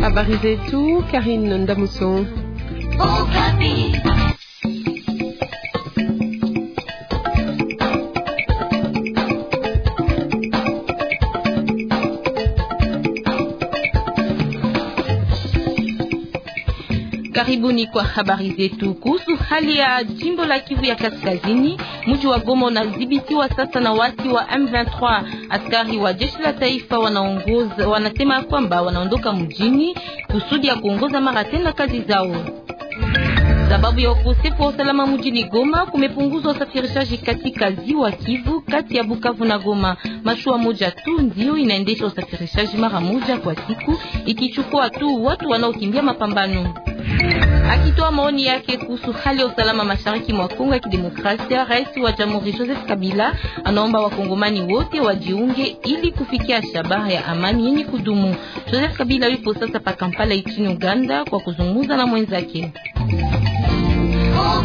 Habari zetu Karine Ndamuso. Karibuni kwa habari zetu kuhusu hali ya jimbo la Kivu ya Kaskazini. Mji wa Goma unadhibitiwa sasa na wasi wa M23. Askari wa jeshi la taifa wanaongoza, wanasema kwamba wanaondoka mjini kusudi ya kuongoza mara tena kazi zao. Sababu ya ukosefu wa usalama mjini Goma kumepunguzwa usafirishaji katika ziwa Kivu kati ya Bukavu na Goma. Mashua moja tu ndio inaendesha usafirishaji mara moja kwa siku, ikichukua tu watu wanaokimbia mapambano. Akitoa maoni yake kuhusu hali ya usalama mashariki mwa Kongo ya Kidemokrasia, rais wa jamhuri Joseph Kabila anaomba wakongomani wote wajiunge ili kufikia shabaha ya amani yenye kudumu. Joseph Kabila yupo sasa pa Kampala nchini Uganda kwa kuzungumza na mwenzake. Oh,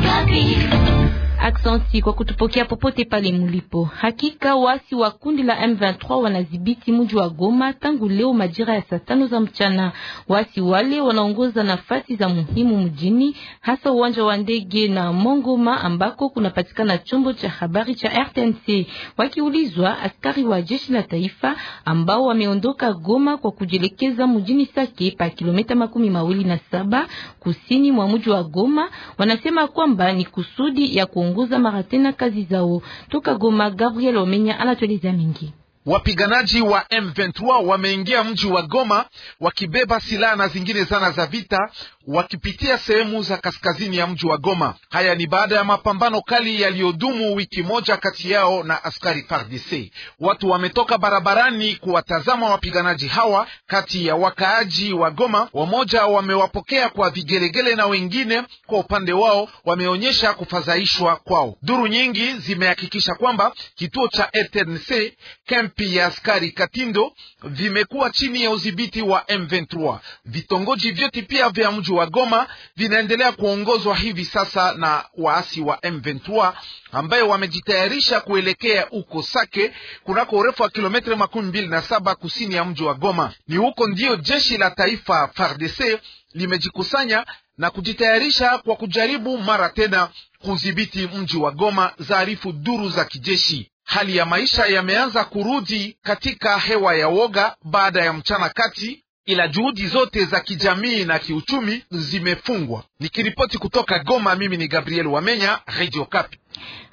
Aksanti kwa kutupokea popote pale mulipo. Hakika wasi wa kundi la M23 wanadhibiti mji wa Goma tangu leo majira ya saa tano za mchana. Wasi wale wanaongoza nafasi za muhimu mjini, hasa uwanja wa ndege na Mongoma ambako kunapatikana chombo cha habari cha RTNC. Wakiulizwa, askari wa jeshi la taifa ambao wameondoka Goma kwa kujielekeza mjini Sake pa kilomita makumi mawili na saba kusini mwa mji wa Goma wanasema kwamba ni kusudi ya ku kupunguza mara tena kazi zao. Toka Goma, Gabriel Omenya anatueleza mengi. Wapiganaji wa M23 wameingia mji wa Goma wakibeba silaha na zingine zana za vita wakipitia sehemu za kaskazini ya mji wa Goma. Haya ni baada ya mapambano kali yaliyodumu wiki moja kati yao na askari FARDC. Watu wametoka barabarani kuwatazama wapiganaji hawa. Kati ya wakaaji wa Goma, wamoja wamewapokea kwa vigelegele na wengine kwa upande wao wameonyesha kufadhaishwa kwao. Duru nyingi zimehakikisha kwamba kituo cha RTNC e kempi ya askari Katindo vimekuwa chini ya udhibiti wa M23. Vitongoji vyote pia vya mji wa Goma vinaendelea kuongozwa hivi sasa na waasi wa M23 ambayo wamejitayarisha kuelekea uko Sake kunako urefu wa kilometre makumi mbili na saba kusini ya mji wa Goma. Ni huko ndiyo jeshi la taifa FARDC limejikusanya na kujitayarisha kwa kujaribu mara tena kudhibiti mji wa Goma, zaarifu duru za kijeshi. Hali ya maisha yameanza kurudi katika hewa ya woga baada ya mchana kati ila juhudi zote za kijamii na kiuchumi zimefungwa. Nikiripoti kutoka Goma, mimi ni Gabriel Wamenya, Radio Kapi.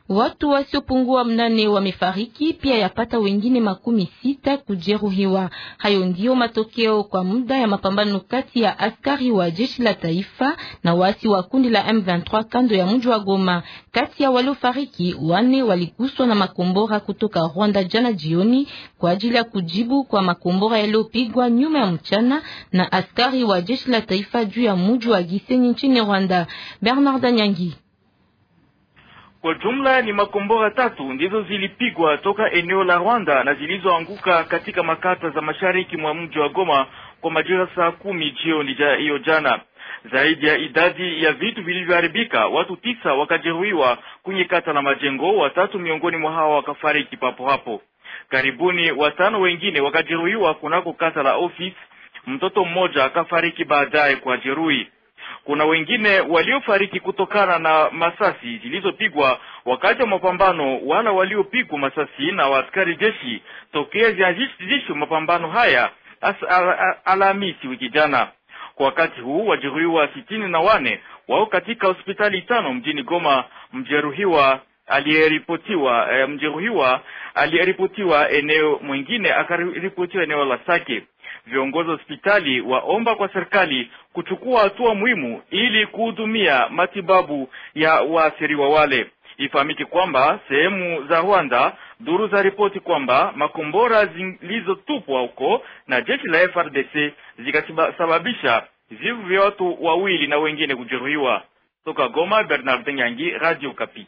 Watu wasiopungua mnane wamefariki pia yapata wengine makumi sita kujeruhiwa. Hayo ndiyo matokeo kwa muda ya mapambano kati ya askari wa jeshi la taifa na wasi wa kundi la M23 kando ya mji wa Goma. Kati ya waliofariki wane waliguswa na makombora kutoka Rwanda jana jioni kwa ajili ya kujibu kwa makombora yaliyopigwa nyuma ya mchana na askari wa jeshi la taifa juu ya mji wa Gisenyi nchini Rwanda. Bernard Nyangi kwa jumla ni makombora tatu ndizo zilipigwa toka eneo la Rwanda na zilizoanguka katika makata za mashariki mwa mji wa Goma kwa majira saa kumi jioni hiyo jana. Zaidi ya idadi ya vitu vilivyoharibika, watu tisa wakajeruhiwa kwenye kata la Majengo, watatu miongoni mwa hawa wakafariki papo hapo. Karibuni watano wengine wakajeruhiwa kunako kata la Office, mtoto mmoja akafariki baadaye kwa jeruhi. Kuna wengine waliofariki kutokana na masasi zilizopigwa wakati wa mapambano, wala waliopigwa masasi na waaskari jeshi tokea zianzishwe mapambano haya Alhamisi wiki jana. Kwa wakati huu wajeruhiwa sitini na wane wao katika hospitali tano mjini Goma. Mjeruhiwa aliyeripotiwa e, mjeruhiwa aliyeripotiwa eneo mwingine akaripotiwa eneo la Sake. Viongozi wa hospitali waomba kwa serikali kuchukua hatua muhimu ili kuhudumia matibabu ya waathiriwa wale. Ifahamike kwamba sehemu za Rwanda, duru za ripoti kwamba makombora zilizotupwa huko na jeshi la FRDC zikasababisha vifo vya watu wawili na wengine kujeruhiwa. Toka Goma, Bernard Nyangi, Radio Kapi.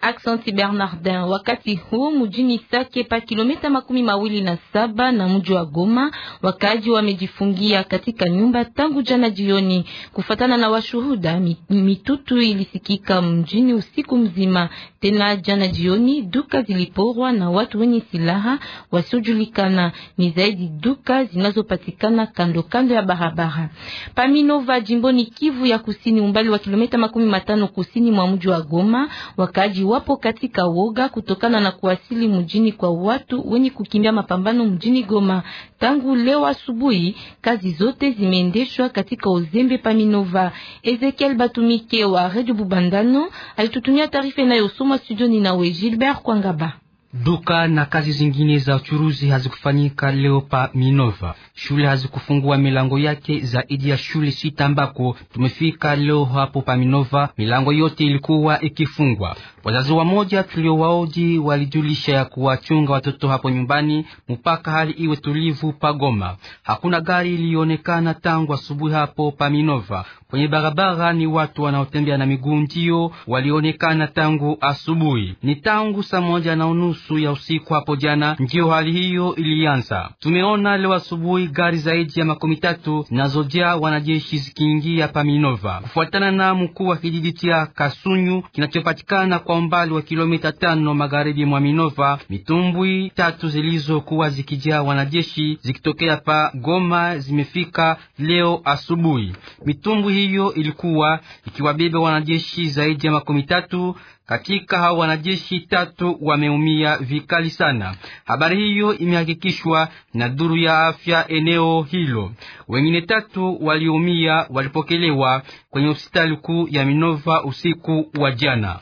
Aksanti Bernardin. Wakati huu mjini Sake pa kilomita makumi mawili na saba na mji wa Goma, wakaji wamejifungia katika nyumba tangu jana jioni. Kufatana na washuhuda, mitutu ilisikika mjini usiku mzima. Tena jana jioni duka ziliporwa na watu wenye silaha wasiojulikana. Ni zaidi duka zinazopatikana kando kando ya barabara Paminova, jimboni Kivu ya Kusini, umbali wa kilomita makumi matano kusini mwa mji wa Goma. Wakaji Wakaji wapo katika woga kutokana na kuwasili mjini kwa watu wenye kukimbia mapambano mjini Goma. Tangu leo asubuhi, kazi zote zimeendeshwa katika uzembe paminova. Ezekiel Batumike wa Radio Bubandano alitutumia taarifa inayosomwa studioni nawe Gilbert Kwangaba. Duka na kazi zingine za uchuruzi hazikufanyika leo pa Minova. Shule hazikufungua milango yake zaidi ya shule sita ambako tumefika leo hapo pa Minova, milango yote ilikuwa ikifungwa. Wazazi wa moja tuliowaoji walijulisha ya kuwachunga watoto hapo nyumbani mpaka hali iwe tulivu pa Goma. Hakuna gari iliyoonekana tangu asubuhi hapo pa Minova. Kwenye barabara ni watu wanaotembea na miguu ndio walionekana tangu asubuhi. Ni tangu saa moja na unusu nusu ya usiku hapo jana ndiyo hali hiyo ilianza. Tumeona leo asubuhi gari zaidi ya makumi tatu zinazojaa wanajeshi zikiingia Paminova, kufuatana na mkuu wa kijiji cha Kasunyu kinachopatikana kwa umbali wa kilomita tano magharibi mwa Minova. Mitumbwi tatu zilizokuwa zikijaa wanajeshi zikitokea pa Goma zimefika leo asubuhi. Mitumbwi hiyo ilikuwa ikiwabeba wanajeshi zaidi ya makumi tatu Hakika wanajeshi tatu wameumia vikali sana. Habari hiyo imehakikishwa na duru ya afya eneo hilo. Wengine tatu waliumia walipokelewa kwenye hospitali kuu ya Minova usiku wa jana.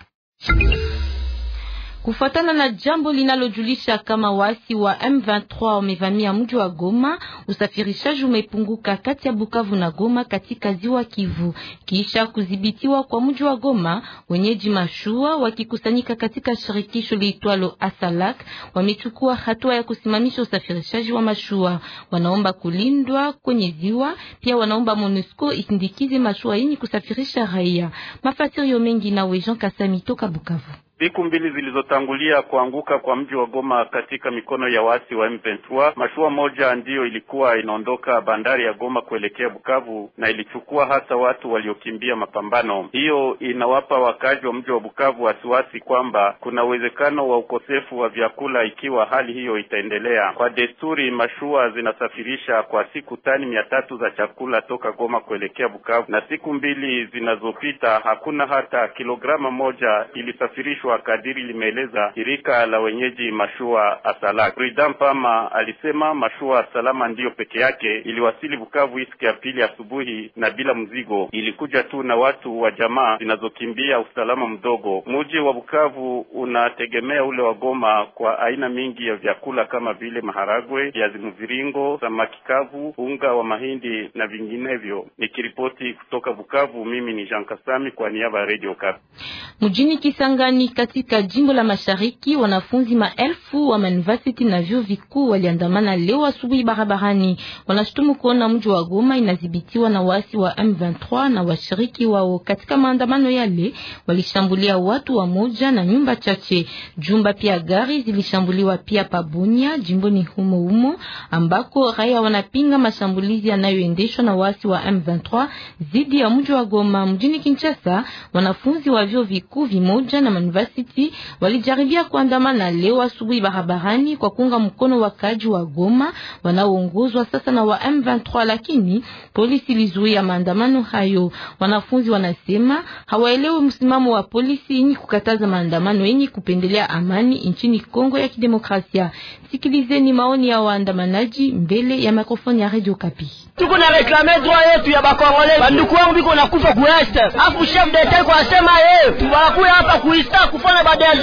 Kufuatana na jambo linalojulisha kama waasi wa M23 wamevamia mji wa Goma, usafirishaji umepunguka kati ya Bukavu na Goma katika ziwa Kivu kisha kudhibitiwa kwa mji wa Goma. Wenyeji mashua wakikusanyika katika shirikisho liitwalo Asalak wamechukua hatua ya kusimamisha usafirishaji wa mashua, wanaomba kulindwa kwenye ziwa. Pia wanaomba MONUSCO isindikize mashua yenye kusafirisha raia. Mafasirio mengi nawe Jean Kasami toka Bukavu. Siku mbili zilizotangulia kuanguka kwa mji wa Goma katika mikono ya waasi wa M23, mashua moja ndiyo ilikuwa inaondoka bandari ya Goma kuelekea Bukavu na ilichukua hasa watu waliokimbia mapambano. Hiyo inawapa wakazi wa mji wa Bukavu wasiwasi kwamba kuna uwezekano wa ukosefu wa vyakula ikiwa hali hiyo itaendelea. Kwa desturi, mashua zinasafirisha kwa siku tani mia tatu za chakula toka Goma kuelekea Bukavu, na siku mbili zinazopita hakuna hata kilograma moja ilisafirishwa wa kadiri limeeleza shirika la wenyeji mashua Asalak. Prudent Pama alisema mashua salama ndiyo peke yake iliwasili Bukavu hii siku ya pili asubuhi na bila mzigo, ilikuja tu na watu wa jamaa zinazokimbia usalama mdogo. Mji wa Bukavu unategemea ule wa Goma kwa aina mingi ya vyakula kama vile maharagwe, viazi mviringo, samaki kavu, unga wa mahindi na vinginevyo. Nikiripoti kutoka Bukavu, mimi ni Jean Kasami kwa niaba ya Radio Kapi. Mjini Kisangani katika jimbo la Mashariki, wanafunzi maelfu wa university na vyuo vikuu waliandamana leo asubuhi barabarani. Wanashutumu kuona mji wa Goma inadhibitiwa na waasi wa M23 na washiriki wao. Katika maandamano yale, walishambulia watu wa moja na nyumba chache. Jumba pia gari zilishambuliwa pia pabunya jimboni humo humo, ambako raia wanapinga mashambulizi yanayoendeshwa na waasi wa M23 dhidi ya mji wa Goma. Mjini Kinshasa, wanafunzi wa vyuo vikuu vimoja na City walijaribia kuandamana leo asubuhi barabarani kwa kuunga mkono wakaji wa Goma wanaoongozwa sasa na wa M23, lakini polisi ilizuia maandamano hayo. Wanafunzi wanasema hawaelewi msimamo wa polisi yenye kukataza maandamano yenye kupendelea amani nchini Kongo ya Kidemokrasia. Sikilizeni maoni ya waandamanaji mbele ya mikrofoni ya Radio Kapi. Tuko na reklame droit yetu ya bakongole, banduku wangu biko nakufa kueste, afu chef d'etat kwa sema yeye tubakuya hapa kuista kufanya baada ya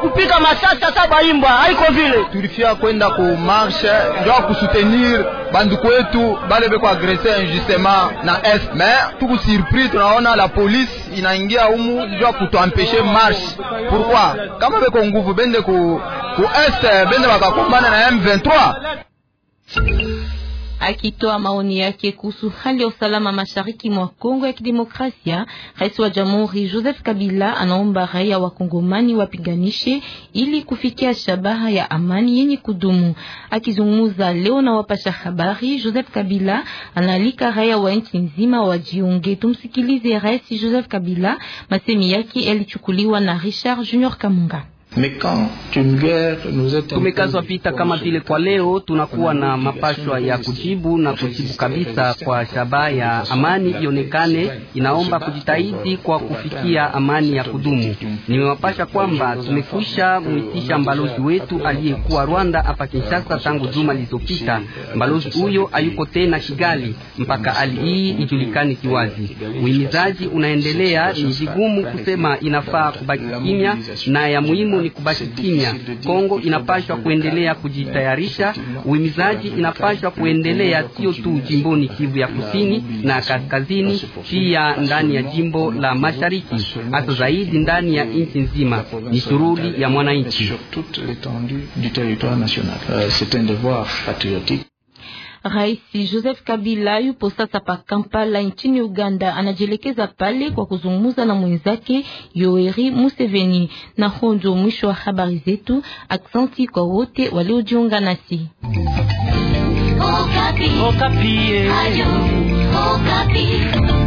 kupika masasa saba imba haiko vile, tulifia kwenda ku marche ndio kusutenir banduku wetu bale beko agrese injustement na est mais tuku surpris, tunaona la police inaingia humu ndio kutuampeshe marche. Pourquoi? kama beko nguvu bende ku, ku est bende bakakumbana na M23 Akitoa maoni yake kuhusu hali ya usalama mashariki mwa Kongo ya Kidemokrasia, rais wa jamhuri Joseph Kabila anaomba raia wa Kongomani wapiganishe ili kufikia shabaha ya amani yenye kudumu. Akizungumza leo na wapasha habari, Joseph Kabila analika raia wa nchi nzima wajiunge. Tumsikilize rais Joseph Kabila, masemi yake yalichukuliwa na Richard Junior Kamunga. Tumekazwa vita kama vile kwa leo, tunakuwa na mapashwa ya kujibu na kujibu kabisa kwa shabaha ya amani ionekane. Inaomba kujitahidi kwa kufikia amani ya kudumu. Nimewapasha kwamba tumekwisha mwitisha mbalozi wetu aliyekuwa Rwanda hapa Kinshasa tangu juma lilizopita. Mbalozi huyo hayuko tena Kigali mpaka hali hii ijulikane kiwazi. Uhimizaji unaendelea, ni vigumu kusema inafaa kubaki kimya na ya muhimu ni kubaki kimya. Kongo inapashwa kuendelea kujitayarisha, uhimizaji inapashwa kuendelea sio tu jimboni Kivu ya kusini na kaskazini, pia ndani ya jimbo la mashariki, hasa zaidi ndani ya nchi nzima. Ni shughuli ya mwananchi. Rais Joseph Kabila yupo sasa pa Kampala nchini Uganda, anajielekeza pale kwa kuzungumza na mwenzake Yoweri Museveni. Na hondo mwisho wa habari zetu. Aksanti kwa wote waliojiunga nasi Okapi. Okapi. Ayo, Okapi.